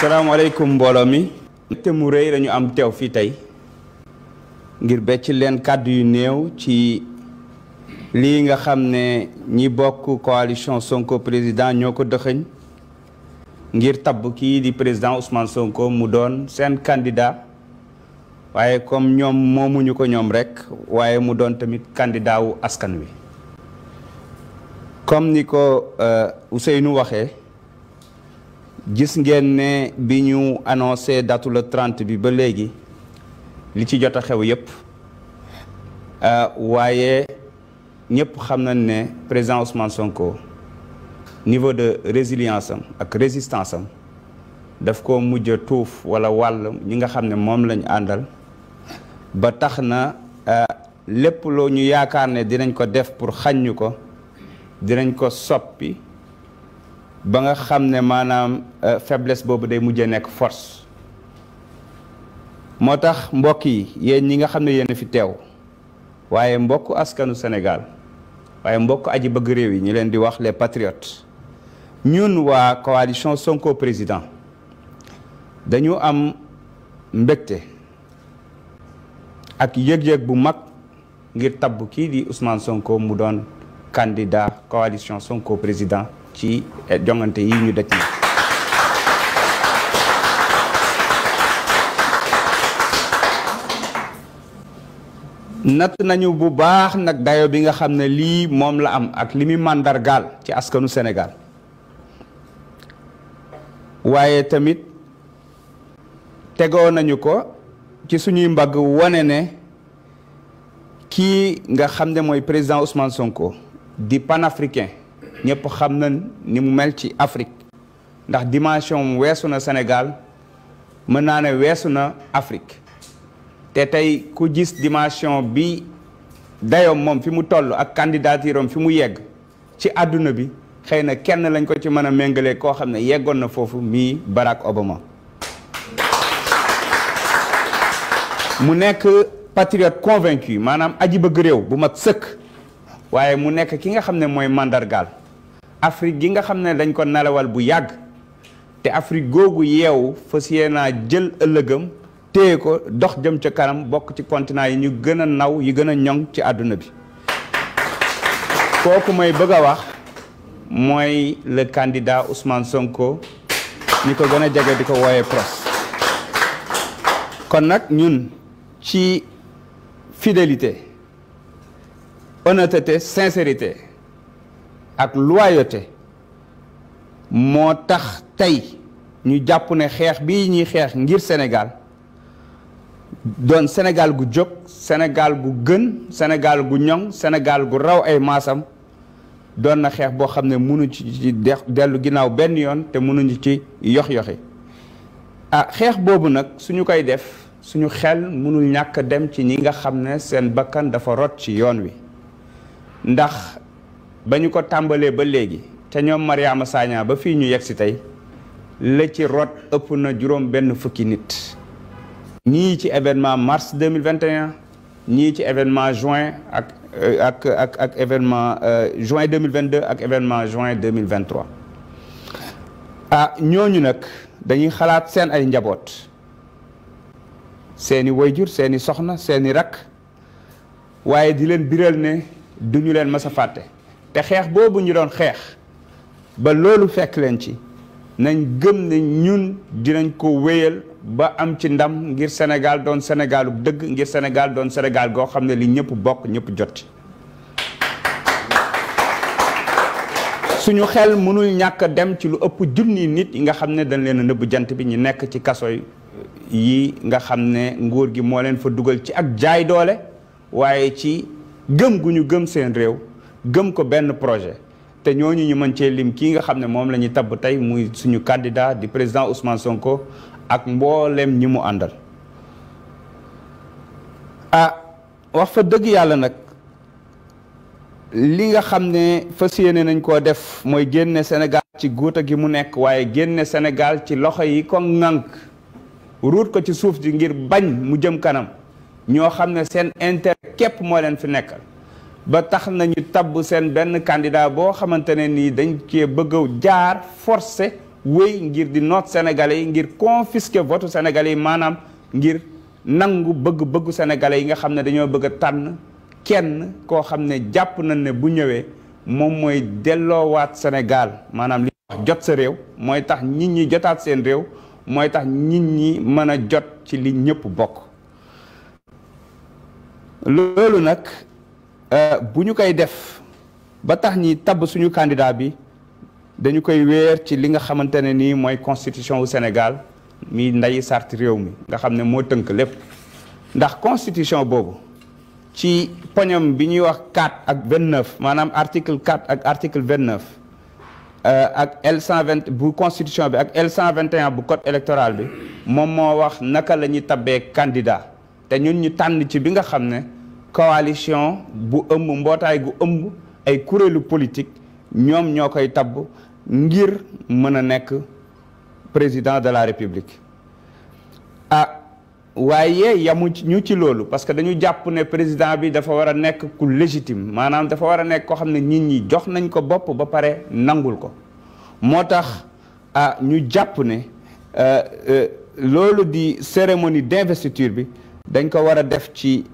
salaamaaleykum mbooloo mi. te mu rëy lañu am tew fii tey ngir becc leen kàddu yu néew ci lii nga xam ne ñi bokk coalition Sonko président ñoo ko dëxëñ ngir tabb kii di président Ousmane Sonko mu doon seen candidat waaye comme ñoom moomuñu ko ñoom rekk waaye mu doon tamit kandidaawu askan wi comme ni ko euh, nu waxee. gis ngeen ne bi ñu annoncé datu le 30 bi ba léegi li ci jot a xew yépp euh, waaye ñépp xam nañ ne président Ousmane Sonko niveau de résilience am ak résistance am daf ko mujj a tuuf wala wàll ñi nga xam ne moom lañ àndal ba tax na euh, lépp loo ñu yaakaar ne dinañ ko def pour xaññu ko dinañ ko soppi ba nga xam ne maanaam euh, faiblesse boobu day mujjee nekk force moo tax mbokk yi yéen ñi nga xam ne yéen fi teew waaye mbokk askanu Sénégal waaye mbokk aji bëgg réew yi ñu leen di wax les patriotes ñun waa coalition Sonko président dañu am mbëgte ak yëg-yëg bu mag ngir tab kii di Ousmane Sonko mu doon candidat coalition Sonko président ci e jongante yi ñu daj na nañu bu baax nak dayo bi nga xamne li mom la am ak limi mandar gal ci askanu senegal waye tamit tego nañu ko ci suñuy mbag wane ne nga xamne moy président Ousmane Sonko di panafricain ñëpp xam na ni mu mel ci Afrique ndax dimension weesu na Sénégal mën naa ne weesu na Afrique te tey ku gis dimension bi dayoom moom fi mu toll ak candidature fi mu yegg ci àdduna bi xëy na kenn lañ ko ci mën a méngalee koo xam ne yeggoon na foofu mii Barack Obama mu nekk patriote convaincu maanaam aji bëgg réew bu mat sëkk waaye mu nekk ki nga xam ne mooy mandargaal Afrique gi nga xam ne dañ ko nalawal bu yàgg te Afrique googu yeewu fas naa jël ëllëgam téye ko dox jëm ca kanam bokk ci continent yi ñu gën a naw yi gën a ñoŋ ci àdduna bi kooku may bëgg a wax mooy le candidat Ousmane Sonko ñi ko gën a jege di ko wooyee PROS kon nag ñun ci fidélité honnêteté sincérité ak loyauté moo tax tey ñu jàpp ne xeex bi ñuy xeex ngir senegaal doon Sénégal gu jóg senegaal gu gën senegaal gu ñoŋ senegaal gu raw ay maasam doon na xeex boo xam ne mënu ci dellu ginnaaw benn yoon te mënuñu ci yox-yoxi ah xeex boobu nag suñu koy def suñu xel mënul ñàkk dem ci ñi nga xam ne seen bakkan dafa rot ci yoon wi ndax ba ñu ko tàmbalee ba léegi te ñoom Mariama Sagna ba fii ñu yegg si tey la ci rot ëpp na juróom benn fukki nit ñii ci événement mars 2021 ñii ci événement juin ak euh, ak ak ak événement euh, juin 2022 ak événement juin 2023 ah ñooñu nag dañuy xalaat seen ay njaboot seeni wayjur seeni soxna seeni rakk waaye di leen biral ne duñu leen mës a fàtte te xeex boobu ñu doon xeex ba loolu fekk leen ci nañ gëm ne ñun dinañ ko wéyal ba am ci ndam ngir Sénégal doon Sénégalu dëgg ngir Sénégal doon Sénégal goo xam ne li ñëpp bokk ñëpp jot suñu xel mënul ñàkk dem ci lu ëpp junni nit yi nga xam ne dañ leen a nëbb jant bi ñu nekk ci kaso yi nga xam ne nguur gi moo leen fa dugal ci ak jaay doole waaye ci gëm gu ñu gëm seen réew gëm ko benn projet te ñooñu ñu mën cee lim kii nga xam ne moom lañuy ñuy tabb tey muy suñu kàndidaa di président Ousmane Sonko ak mbooleem ñi mu àndal ah wax fa dëgg yàlla nag li nga xam ne fas yéene nañ koo def mooy génne Sénégal ci guuta gi mu nekk waaye génne Sénégal ci loxo yi ko ŋànk ruut ko ci suuf ji ngir bañ mu jëm kanam ñoo xam ne seen intérêt képp moo leen fi nekkal ba tax nañu tabb seen benn candidat boo xamante ne nii dañ cee bëgg jaar forcé wéy ngir di noot sénégalais yi ngir confisquer votu sénégalais yi maanaam ngir nangu bëgg-bëggu sénégalais yi nga xam ne dañoo bëgg tànn kenn koo xam ne jàpp nañ ne bu ñëwee moom mooy delloowaat Sénégal maanaam li wax jot sa réew mooy tax nit ñi jotaat seen réew mooy tax nit ñi mën a jot ci li ñëpp bokk loolu nag Euh, bu ñu koy def ba tax ñi tab suñu candidat bi dañu koy wër ci li nga xamante ni moy constitution wu Sénégal mi nday sart réew mi nga xamné mo teunk lepp ndax constitution bobu ci poñam bi ñuy wax 4 ak 29 manam article 4 ak article 29 euh, ak L 120 bu constitution bi ak L 121 bu code électoral bi mom mo wax naka la tabé candidat té ñun ñu tànn ci bi nga xamné coalition bu ëmb mbootaay gu ëmb ay kuréelu politique ñoom ñoo koy tabb ngir mën a nekk président de la république ah waaye yamu ñu ci loolu parce que dañu jàpp ne président bi dafa war a nekk ku légitime maanaam dafa war a nekk koo xam ne nit ñi jox nañ ko bopp ba pare nangul ko moo tax ah ñu jàpp ne euh, euh, loolu di cérémonie d'investiture bi dañ ko war a def ci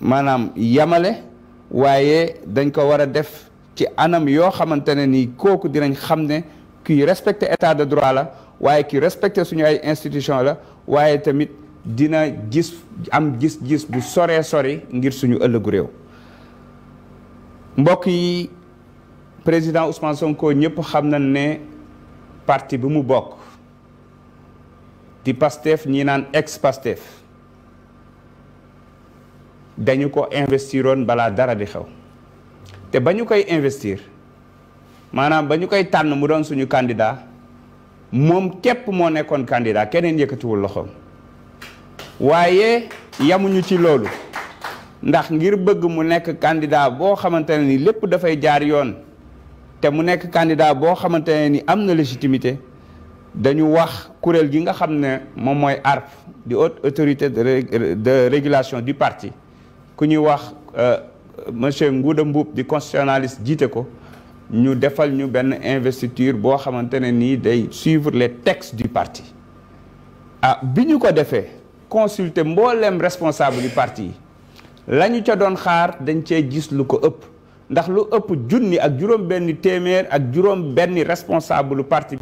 maanaam yamale waaye dañ ko war a def ci anam yoo xamante ne nii kooku dinañ xam ne kuy respecté état de droit la waaye ki respecté suñu ay institution la waaye tamit dina gis am gis-gis bu soree sori ngir suñu ëllëgu réew mbokk yi président Ousmane Sonko ñëpp xam nañ ne parti bi mu bokk di Pastef ñi naan ex Pastef dañu ko investir investiroon balaa dara di xew te ba ñu koy investir maanaam ba ñu koy tànn mu doon suñu candidat moom képp moo nekkoon candidat keneen yëkkatiwul loxoom waaye yamuñu ci loolu ndax ngir bëgg mu nekk candidat boo xamante ne ni lépp dafay jaar yoon te mu nekk candidat boo xamante ne ni am na légitimité dañu wax kuréel gi nga xam ne moom mooy ARP di haute autorité de régulation du partie Quand ñuy le euh, monsieur constitutionnaliste ko ñu investiture suivre les textes du parti ah fait consulter les responsable du parti L'année que doon nous dañ responsable parti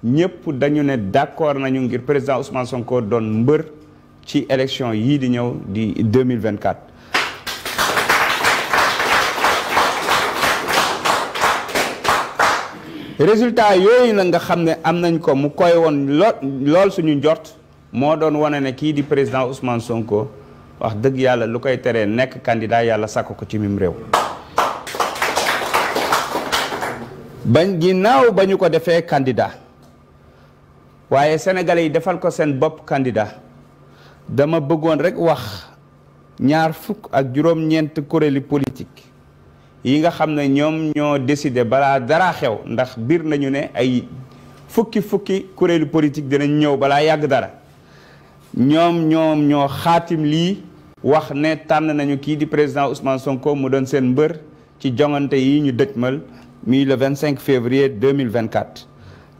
d'accord avec le président Ousmane Sonko doon ci élection 2024 résultat yooyu nag nga xam ne am nañ ko mu koy woon lool lool suñu njort moo doon wane ne kii di président Ousmane Sonko wax dëgg yàlla lu koy teree nekk candidat yàlla sàkk ko ci mim réew bañ ginnaaw ba ñu ko defee candidat waaye senegal yi defal ko seen bopp candidat dama bëggoon rekk wax ñaar fukk ak juróom-ñeent kuréeli politique yi nga xam ne ñoo décidé bala dara xew ndax bir nañu ne ay fukki fukki kuréelu politique dinañ ñew bala yag dara ñom ñom ñoo xaatim li wax ne tan nañu ki di président Ousmane Sonko mu doon sen mbeur ci jongante yi ñu dëjmal mi le 25 février 2024.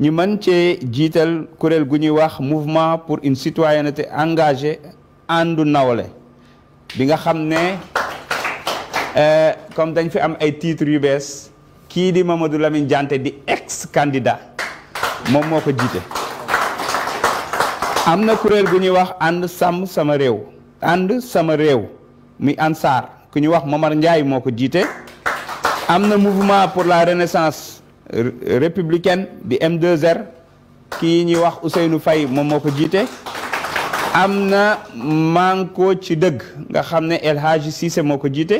ñu man ci jital kuréel guñu wax mouvement pour une citoyenneté engagée andu nawle bi nga xam Euh, comme dañ fi am ay titres yu bees kii di Mamadou Lamine Diante di ex candidat moom moo ko jiite am na kuréel gu ñuy wax ànd sàmm sama réew ànd sama réew muy ANSAR ku ñuy wax Momar Ndiaye moo ko jiite am na mouvement pour la renaissance républicaine di M2R kii ñuy wax Ousseynou fay moom moo ko jiite am na manko ci dëgg nga xam ne El Hadji sise moo ko jiite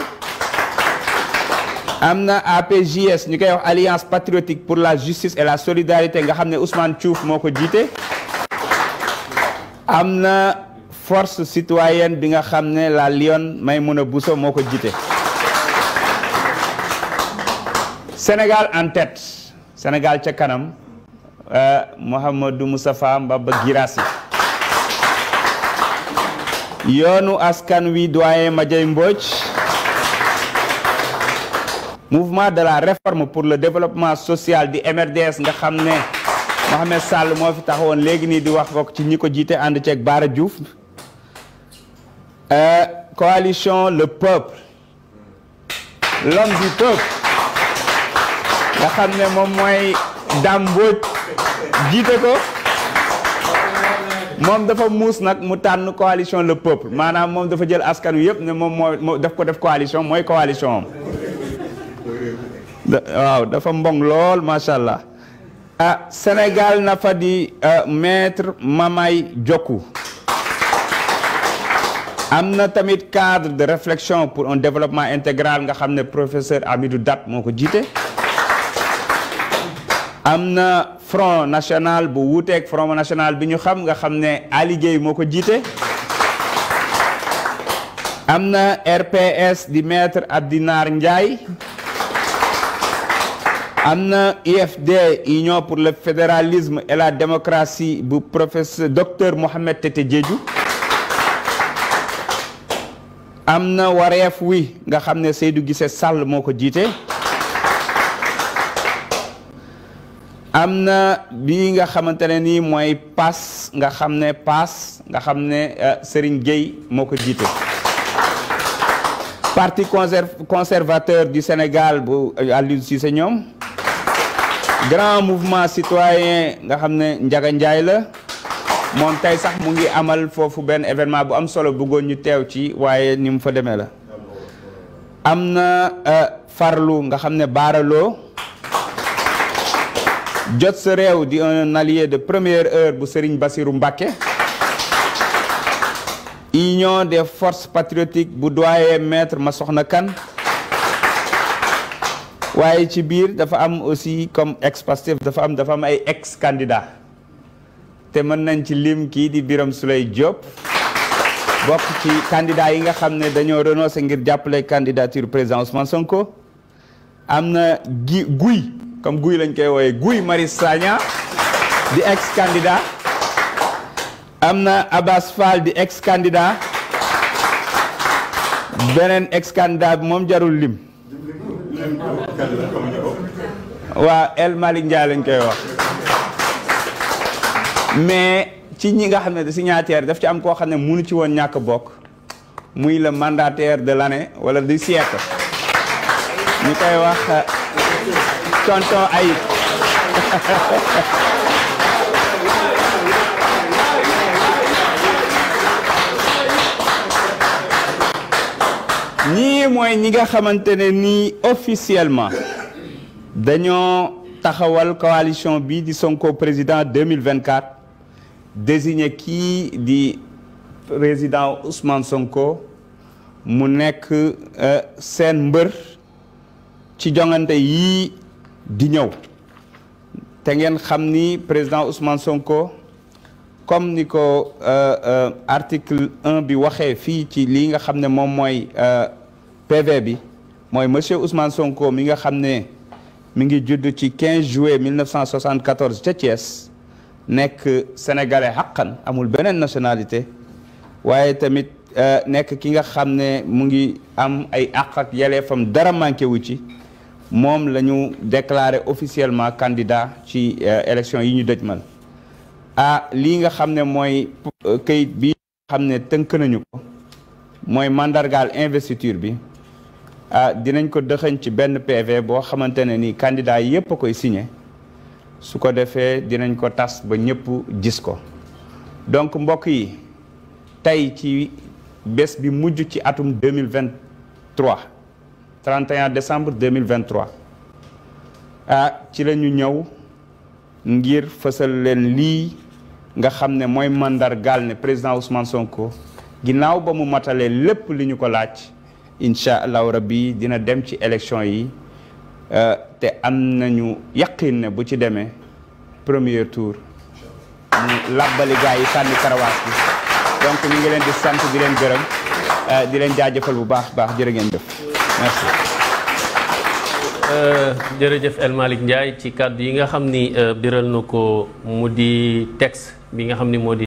amna APJS ñu koy alliance patriotique pour la justice et la solidarité nga xamné Ousmane Thiouf moko ko amna force citoyenne bi nga xamné la Lyon Maïmouna Bousso moko ko Sénégal en tête Sénégal ci kanam euh, Mouhamadou Moustapha Mbaba askan wi doyen Madjay mouvement de la réforme pour le développement social du MRDS nga xamné Mohamed Sall mo fi taxone légui ni di wax ci euh, coalition le peuple l'homme du peuple nga xamné mom moy nous ko mom dafa coalition le peuple manam mom dafa jël askan que nous def ko def coalition coalition waaw dafa mbong lool macha allah ah Sénégal na pas di ah, maître Mamay Diokou am tamit cadre de réflexion pour un développement intégral nga xam professeur Amidou Dat moo ko jiite am front national bu wuuteeg front national bi ñu xam nga xam ne Ali Guèye moo ko RPS di maître Abdinar Ndiaye Amna IFD, Union pour le fédéralisme et la démocratie bu professeur docteur Mohamed Tete Diédhiou Amna na wareef wi nga xamné ne Seydou Gissé Sall moko djité. Amna bi nga xamante ne nii nga xamné ne nga xamné euh, Serigne Gueye moko djité. parti conservateur du Sénégal bu euh, Aliou Cissé ñom grand mouvement citoyen nga xamné ndiaga Njaga la amal pour un événement bu am solo bëggoon ñu tew ci waye ni fa démé la amna euh, farlu nga di un allié de première heure bu Serigne Bassirou Mbacké union des forces patriotiques bu doyen maître soxna waye ci bir dafa am aussi comme ex Pastef dafa am dafa am ay ex candidat té man nañ ci lim ki di biram Souleye job, bok ci candidat yi nga xamné ne dañoo renoncé ngir jàppale candidature président Ousmane Sonko am na gi comme guuy lañ koy woyé guuy Sagna di ex candidat amna na Abbas Fall di ex candidat benen ex candidat mom jarul lim waaw El Malick lañ koy wax mais ci ñi nga xam ne signataire daf ci am koo xam ne mu mënu ci woon ñàkk bokk muy le mandataire de l'année wala du siècle ñu koy wax tonton Ayib mooy ñi nga xamantene ni officiellement dañoo taxawal coalition bi di Sonko président 2024 désigné qui di président Ousmane Sonko mu nekk euh, sen mbeur ci jongante yi di ñew té ngeen xam ni président Ousmane Sonko comme ni ko euh, euh, article 1 bi waxé fi ci li nga xamné PV bi mooy monsieur Ousmane Sonko mi nga xam mi ngi judd ci 15 juillet 1974 ca Thiès nekk sénégalais xaqan amul beneen nationalité waaye tamit euh, nekk ki nga xam ne mu ngi am ay àq ak yeleefam dara manqué wu ci moom la déclaré officiellement candidat ci euh, élection yi ñu dëjmal ah lii nga xamné moy mooy euh, bi xamné teunk nañu ko moy mandargal investiture bi ah dinañ ko dëxëñ ci benn PV boo xamante ne ni candidat yépp a koy signé su ko defee dinañ ko tas ba ñëpp gis ko donc mbokk yi tey ci bés bi mujj ci atum 2023 31 décembre 2023 ah ci lañu ñëw ngir fësal leen lii nga xam ne mooy mandargaal ne président Ousmane Sonko ginnaaw ba mu matalee lépp li ñu ko laaj incha allahu rabbi dina dem ci élection yi euh, te am nañu yaqin ne bu ci demee premier tour mu làbbali gaa yi sànni karawaas bi donc ñu ngi leen di sant di leen gërëm euh, di leen jaajëfal bu baax baax jërë ngeen jëf euh, jërëjëf El Malick Ndiaye ci kàddu yi nga xam ni biral na ko mu di texte bi nga xam ni moo di.